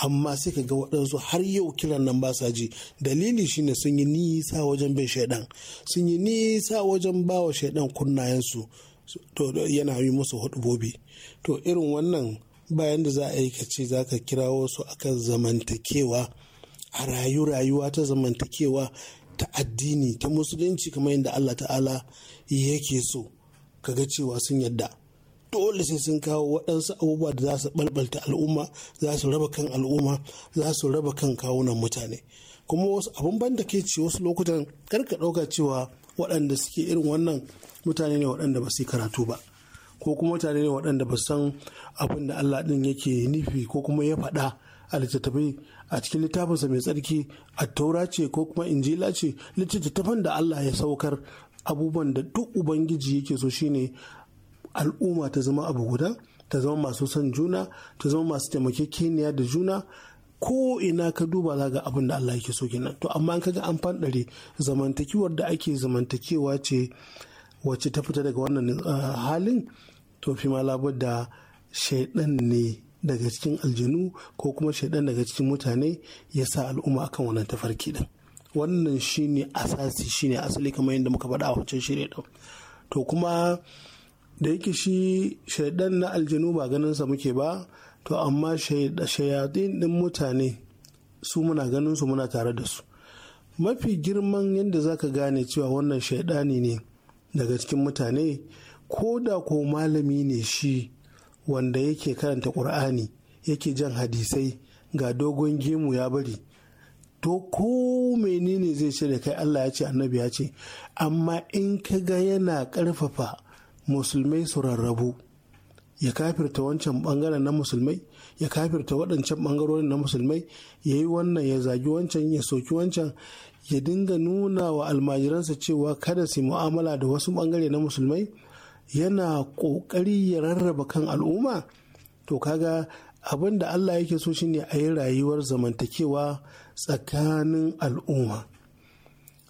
amma sai ka ga waɗansu har yau kiran nan ba sa ji dalili shine sun yi nisa wajen bin shaidan sun yi nisa wajen ba wa shaidan kunnayensu to yana yi musu hudubobi to irin wannan bayan da za a yi kace ce za ka kira wasu akan zamantakewa a rayu rayuwa ta zamantakewa ta addini ta musulunci kamar yadda Allah ta'ala yake so ka ga cewa sun yadda dole sai sun kawo waɗansu abubuwa da za su ɓalɓalta al'umma za su raba kan al'umma za su raba kan kawunan mutane kuma wasu abin ban da ke ce wasu lokutan karka ɗauka cewa waɗanda suke irin wannan mutane ne waɗanda ba su yi karatu ba ko kuma mutane ne waɗanda ba san abin da Allah ɗin yake nufi ko kuma ya faɗa a littattafai a cikin littafinsa mai tsarki a taura ce ko kuma injila ce littattafan da Allah ya saukar abubuwan da duk ubangiji yake so shine al'umma ta zama abu guda ta zama masu son juna ta zama masu taimakekeniya da juna ko ina ka duba za ga abin da Allah yake so kenan to amma an kaga an fadare zamantakewar da ake zamantakewa ce wacce ta fita daga wannan ah, halin to fi ma da shaidan ne daga cikin aljanu ko kuma shaidan daga cikin mutane ya sa al'umma akan wannan tafarki din wannan shine asasi shine asali kamar yadda muka faɗa a wancan shirye to kuma da yake shi shaidan na aljanu ba ganin sa muke ba to amma shayatin din mutane su muna ganin su muna tare da su mafi girman yadda zaka gane cewa wannan shaidani ne daga cikin mutane ko da ko malami ne shi wanda yake karanta ƙur'ani yake jan hadisai ga dogon gemu ya bari to ko menene zai ce da kai Allah ya ce annabi ya ce amma in ka ga yana ƙarfafa musulmai su rarrabu ya kafirta wancan bangaren na musulmai ya kafirta waɗancan bangarorin na musulmai ya yi wannan ya zagi wancan ya soki wancan ya dinga nuna wa almajiransa cewa kada su mu'amala da wasu bangare na musulmai yana ƙoƙari ya rarraba kan al'umma to kaga abin da allah yake so shine a yi rayuwar zamantakewa tsakanin al'umma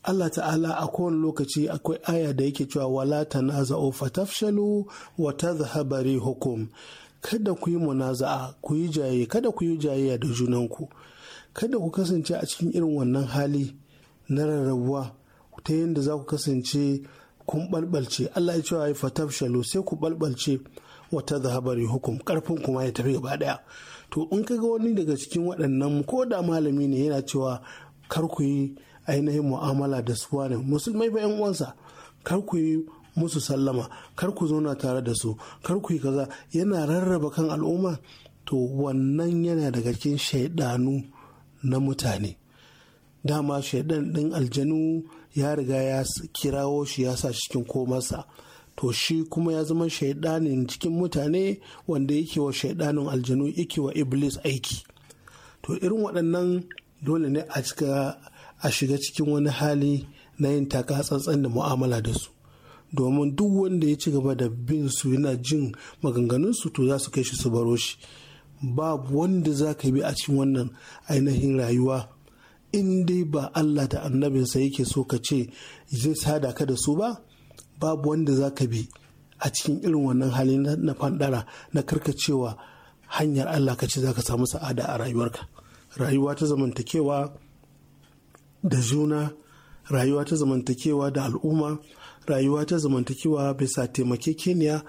Allah ta'ala a kowane lokaci akwai aya da yake cewa wala tanaza'u fatafshalu wa tadhhaba hukum kada ku yi munaza'a ku yi jaye kada ku yi jayayya da junanku kada ku kasance a cikin irin wannan hali na rarrabuwa ta yadda za ku kasance kun balbalce Allah ya cewa fatafshalu sai ku balbalce wata zahabari hukum karfin kuma ya tafi gaba daya to in kaga wani daga cikin waɗannan ko da malami ne yana cewa kar ku yi ainihin mu'amala da su ne musulmai ba 'yan uwansa kar ku yi musu sallama kar ku zauna tare da su kar ku yi kaza yana rarraba kan al'umma to wannan yana daga cikin shaidanu na mutane dama shaidan ɗin aljanu ya riga ya kirawo shi ya sa cikin komarsa to shi kuma ya zama shaidanin cikin mutane wanda yake wa shaidanin aljanu yake wa iblis aiki to irin waɗannan dole ne a cika a shiga cikin wani hali na yin taka tsantsan da mu'amala da su domin duk wanda ya ci gaba da bin su yana jin maganganun su to za su kai shi su baro shi babu wanda za ka bi a cikin wannan ainihin rayuwa in dai ba Allah da annabinsa yake so ka ce zai sada ka da su ba babu wanda za ka bi a cikin irin wannan hali na fandara na karkacewa hanyar Allah ka ce za ka samu sa'ada a rayuwarka rayuwa ta zamantakewa da juna rayuwa ta zamantakewa da al'umma rayuwa ta zamantakewa bisa taimakekeniya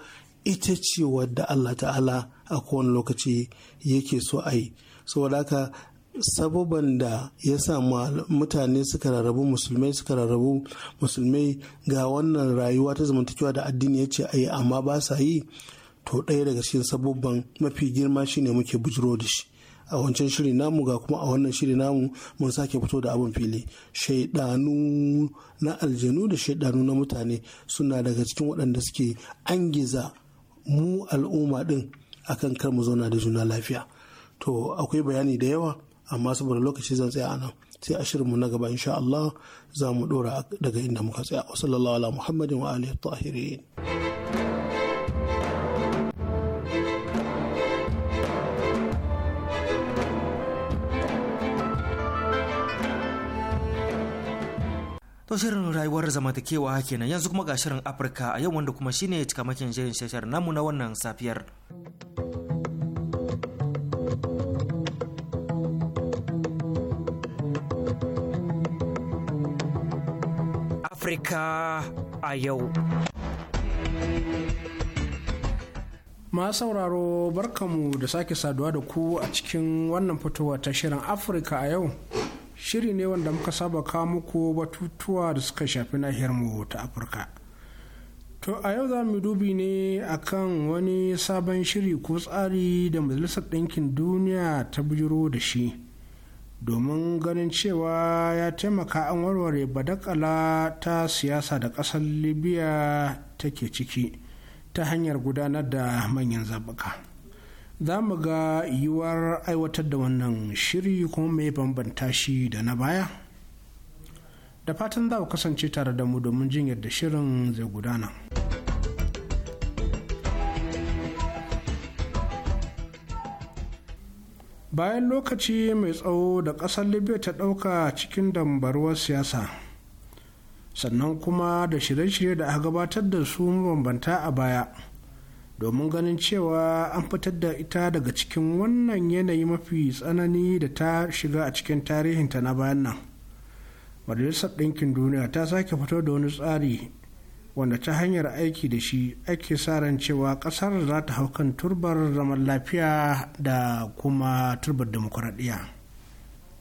ita ce wadda Allah ta'ala a kowane lokaci yake so a yi saboda haka sababan da ya sa mutane suka rarrabu musulmai suka rarrabu musulmai ga wannan rayuwa ta zamantakewa da addini ya ce a yi amma ba sa yi to ɗaya daga cikin sababan mafi girma shine muke bujiro da shi a wancan shirin namu ga kuma a wannan shirin namu mun sake fito da abin fili shaidanu na aljanu da shaidanu na mutane suna daga cikin waɗanda suke angiza mu al'umma ɗin akan kar mu zauna da juna lafiya to akwai bayani da yawa amma saboda lokaci zan tsaya anan sai a shirinmu na gaba insha Allah za mu ɗora daga inda muka tsaya wa sallallahu ala muhammadin wa alihi tahirin To shirin rayuwar zamantakewa kenan yanzu kuma ga shirin Afirka a yau wanda kuma shine cikamakin shirin shashar namu na wannan safiyar. Afirka a yau. Ma sauraro barkamu da sake saduwa da ku a cikin wannan fitowa ta shirin Afirka a yau. shiri ne wanda muka saba kawo muku batutuwa da suka shafi nahiyarmu ta afirka to a yau za mu dubi ne akan wani sabon shiri ko tsari da majalisar ɗinkin duniya ta bujiro da shi domin ganin cewa ya taimaka an warware badakala ta siyasa da ƙasar libya take ciki ta hanyar gudanar da manyan zaɓuka. za mu ga yiwuwar aiwatar da wannan shiri kuma mai bambanta shi da na baya da fatan za ku kasance tare da mu domin jin yadda shirin zai gudana bayan lokaci mai tsawo da ƙasar libya ta ɗauka cikin dambarwar siyasa sannan kuma da shirye-shirye da aka gabatar da su mabambanta a baya domin ganin cewa an fitar da ita daga cikin wannan yanayi mafi tsanani da ta shiga a cikin tarihinta na bayan nan majalisar ɗinkin duniya ta sake fito da wani tsari wanda ta hanyar aiki da shi ake sa ran cewa ƙasar za ta hau kan turbar zaman lafiya da kuma turbar demokuraɗiyya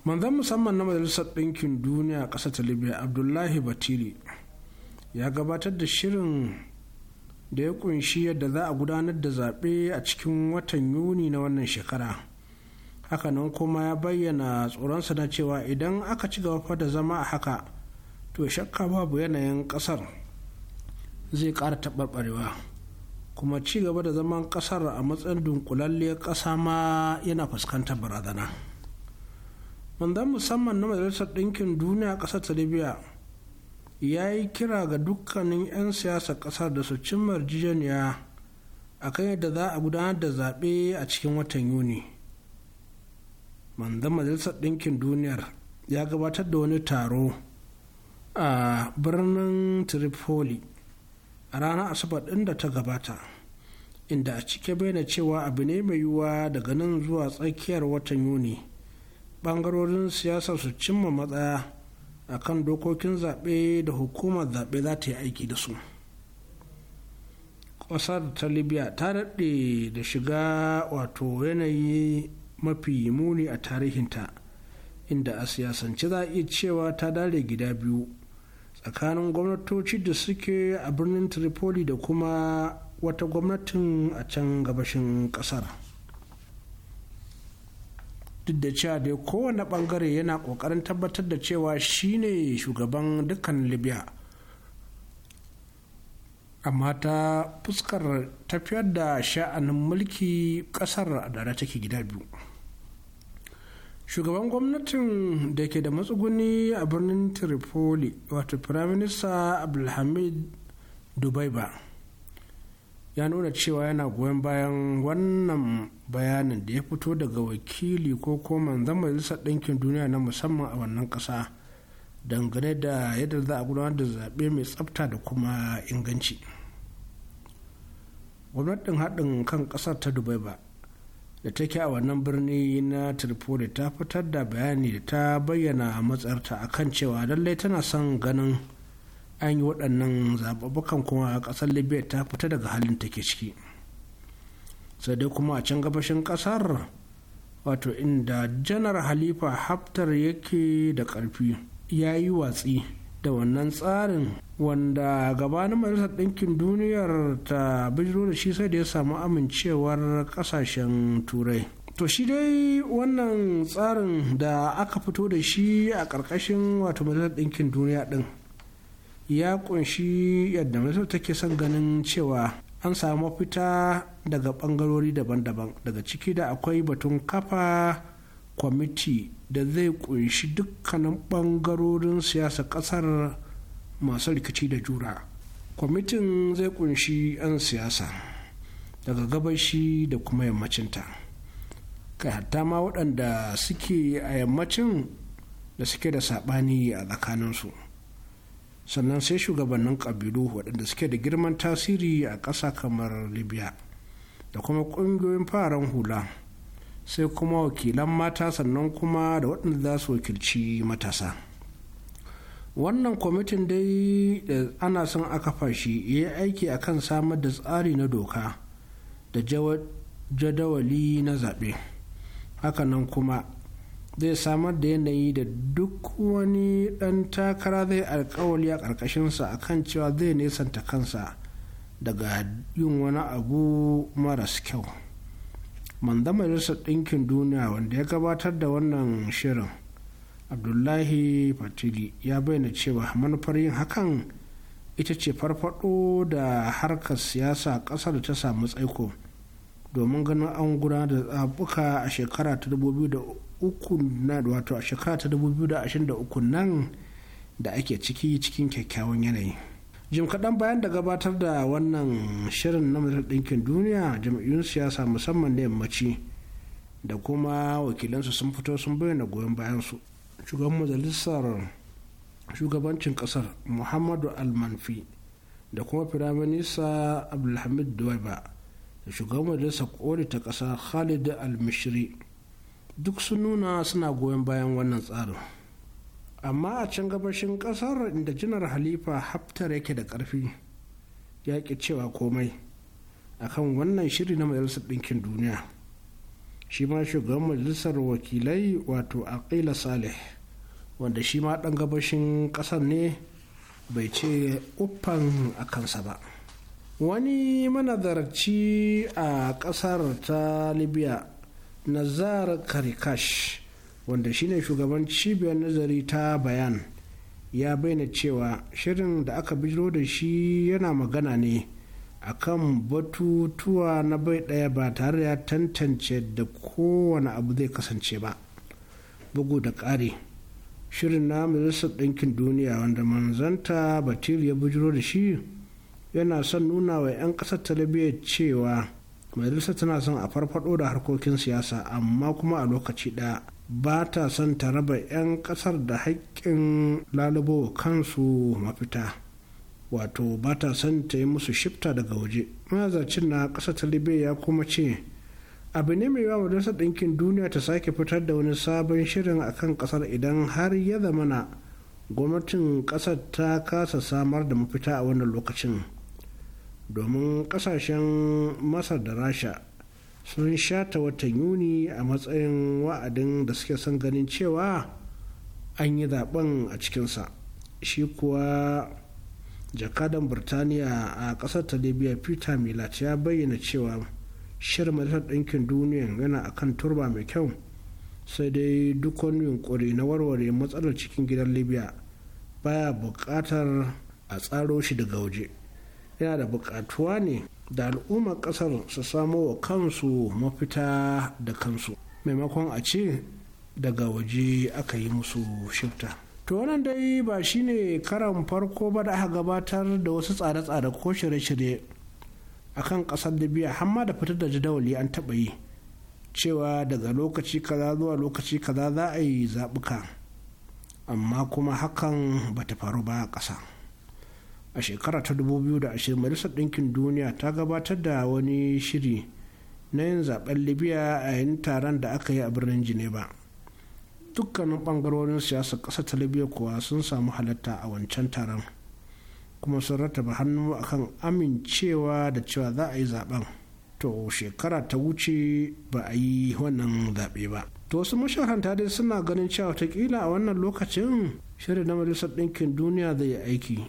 manzan musamman na majalisar ɗinkin duniya ƙasar ta libya abdullahi batiri ya gabatar da shirin da ya kunshi yadda za a gudanar da zaɓe a cikin watan yuni na wannan shekara hakanan kuma ya bayyana tsoronsa na cewa idan aka ci gaba da zama a haka to shakka babu yanayin ƙasar zai ƙara taɓarɓarewa kuma ci gaba da zaman ƙasar a matsayin dunkulalliyar ƙasa ma yana fuskantar barazana manzan musamman na majalisar ɗinkin duniya ƙasar ta libya ya yi kira ga dukkanin 'yan siyasar kasar da su cimma yarjejeniya a kan yadda za a gudanar da zaɓe a cikin watan yuni manzan majalisar ɗinkin duniyar ya gabatar da wani taro a birnin tripoli a ranar asabar ɗin da ta gabata inda a cike bayyana cewa abu ne mai yiwuwa daga nan zuwa tsakiyar watan yuni ɓangarorin siyasa su cimma matsaya a kan dokokin zaɓe da hukumar zaɓe za ta yi aiki da su ƙasar ta libya ta daɗe da shiga wato yanayi mafi muni a tarihinta inda a siyasance za a iya cewa ta dare gida biyu tsakanin gwamnatoci da suke a birnin tripoli da kuma wata gwamnatin a can gabashin ƙasar. duk da cewa dai kowane bangare yana kokarin tabbatar da cewa shine shugaban dukkan libya amma ta fuskar tafiyar da sha'anin mulki kasar da take gida biyu shugaban gwamnatin da ke da matsuguni a birnin tripoli wato firaminista abdulhamid dubai ba ya nuna cewa yana goyon bayan wannan bayanin da ya fito daga wakili ko koman majalisar ɗinkin duniya na musamman a wannan ƙasa dangane da yadda za a gudanar da zaɓe mai tsafta da kuma inganci gwamnatin haɗin kan ƙasar ta dubai ba da take a wannan birni na tripoli ta fitar da bayani da ta bayyana matsarta kan cewa lallai tana son ganin an yi waɗannan zaɓaɓɓukan kuma ƙasar libya ta fita daga halin take ciki. sai dai kuma a can gabashin kasar wato inda janar halifa haftar yake da karfi ya yi watsi da wannan tsarin wanda gabanin majalisar ɗinkin duniyar ta bijiro da shi sai da ya samu amincewar ƙasashen turai to shi dai wannan tsarin da aka fito da shi a ƙarƙashin wato majalisar ɗinkin duniya ɗin ya ƙunshi yadda majalisar take son ganin cewa an samu fita daga bangarori daban-daban daga ciki da akwai batun kafa kwamiti da zai kunshi dukkanin bangarorin siyasa kasar masu rikici da jura kwamitin zai kunshi 'yan siyasa daga gabashi da kuma yammacinta kai hatta ma waɗanda suke a yammacin da suke da saɓani a tsakaninsu. sannan sai shugabannin kabilu waɗanda suke da girman tasiri a ƙasa kamar libya da kuma ƙungiyoyin fararen hula sai kuma wakilan mata sannan kuma da waɗanda za su wakilci matasa wannan kwamitin dai da ana son aka fashi ya yi aiki a kan samar da tsari na doka da jadawali na zaɓe hakanan kuma zai samar da yanayi da duk wani ɗan takara zai alkawali a ƙarƙashinsa a kan cewa zai nesanta kansa daga yin wani abu maras kyau manzan majalisar ɗinkin duniya wanda ya gabatar da wannan shirin abdullahi fatili ya bayyana cewa manufar yin hakan ita ce farfado da harkar siyasa ƙasar da ta samu tsaiko domin ganin an gudanar da tsabuka a shekara ta uku na wato a shekara ta 2023 nan da ake ciki cikin kyakkyawan yanayi jim kaɗan bayan da gabatar da wannan shirin na majalisar ɗinkin duniya jam'iyyun siyasa musamman na yammaci da kuma wakilansu sun fito sun bayyana goyon bayansu shugaban majalisar shugabancin ƙasar muhammadu almanfi da kuma firaminista abdulhamid duwaiba da shugaban majalisar koli ta ƙasa khalid almishiri duk sun nuna suna goyon bayan wannan tsarin amma a can gabashin kasar inda janar halifa haftar yake da karfi ya ki cewa komai akan wannan shiri na majalisar ɗinkin duniya shi ma shugaban majalisar wakilai wato aqila saleh wanda shi ma ɗan gabashin ƙasar ne bai ce uffan a kansa ba wani manazarci a ƙasar ta libya nazar karikash wanda shine shugaban cibiyar nazari ta bayan ya bayyana cewa shirin da aka bijiro da shi yana magana ne akan batutuwa na bai ɗaya ba tare ya tantance da kowane abu zai kasance ba bugu da ƙari shirin na majalisar ɗinkin duniya wanda manzanta batir ya bijiro da shi yana son nuna wa 'yan ƙasar talibiyar cewa majalisar tana son a farfado da harkokin siyasa amma kuma a lokaci ɗaya ba ta son ta raba 'yan ƙasar da haƙƙin lalubo kansu mafita wato ba ta son ta yi musu shifta daga waje mazarcin na ƙasar ta ya kuma ce abu ne mai yawa majalisar ɗinkin duniya ta sake fitar da wani sabon shirin a kan ƙasar idan har ya zamana gwamnatin ƙasar ta kasa samar da mafita a wannan lokacin domin kasashen masar da rasha sun shata watan yuni a matsayin wa'adin da suke son ganin cewa an yi zaben a cikinsa shi kuwa jakadan birtaniya a kasar ta libya peter milat ya bayyana cewa shirin majalisar ɗinkin duniya yana kan turba mai kyau sai dai duk wani yunkuri na warware matsalar cikin gidan libya baya buƙatar a tsaro shi daga waje yana da bukatuwa ne da al'ummar ƙasar su samo wa kansu mafita da kansu maimakon a ce daga waje aka yi musu shifta to wannan dai ba shine karan farko ba da aka gabatar da wasu tsare-tsare ko shirye-shirye a kan ƙasar libya hamma da fitar da jadawali an taɓa yi cewa daga lokaci kaza zuwa lokaci kaza za a yi zaɓuka amma kuma hakan bata faru ba a ƙasa. a shekara ta 2020 majalisar ɗinkin duniya ta gabatar da wani shiri na yin zaben libya a yayin taron da aka yi a birnin geneva dukkanin ɓangarorin siyasar ƙasa ta libya kuwa sun samu halatta a wancan taron kuma sun rataba hannu akan amincewa da cewa za a yi zaben to shekara ta wuce ba a yi wannan zaɓe ba to wasu masharanta dai suna ganin cewa watakila a wannan lokacin shirin na majalisar ɗinkin duniya zai yi aiki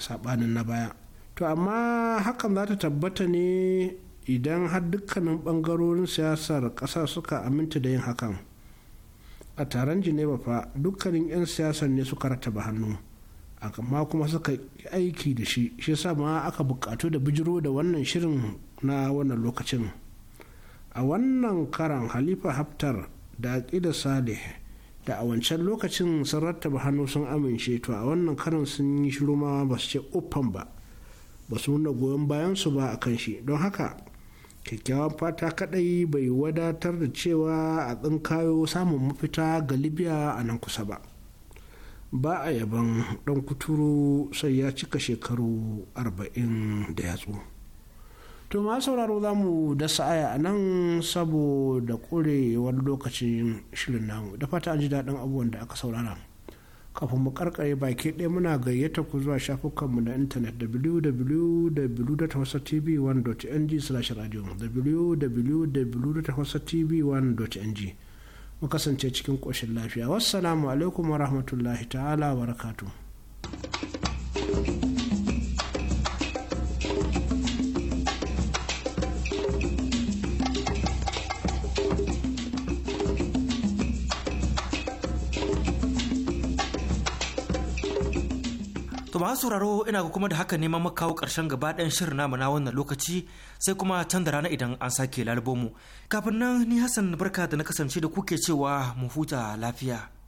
sabanin na baya to amma hakan za ta tabbata ne idan har dukkanin bangarorin siyasar ƙasa suka aminta da yin hakan a taron geneva fa dukkanin 'yan siyasar ne suka rataba hannu amma kuma suka aiki da shi shi sa ma aka bukatu da bijiro da wannan shirin na wannan lokacin a wannan karan halifa haftar da aƙida saleh da a wancan lokacin sun rattaba hannu sun amince to a wannan karin sun yi shiru ma ba su ce uffan ba ba su nuna goyon bayansu ba a kan shi don haka kyakkyawan fata kadai bai wadatar da cewa a tsinkayo samun mafita ga libya a nan kusa ba ba a yaban dan kuturu sai ya cika shekaru arba'in da yatsu to ma sauraro za mu dasa aya a nan saboda wani lokacin shirin namu da fata an ji daɗin abubuwan da aka saurara kafin mu karkare baki ɗaya muna gayyata ku zuwa shafukanmu na intanet www.hausatv1.ng/radio www.hausatv1.ng mu kasance cikin ƙoshin lafiya wassalamu alaikum wa rahmatullahi ta'ala wa barakatuh masu sauraro ina kuma da haka neman makawo karshen gaba ɗayan shirin namu na wannan lokaci sai kuma can da rana idan an sake lalubo mu. Kafin nan ni Hassan barka da na kasance da kuke cewa mu huta lafiya.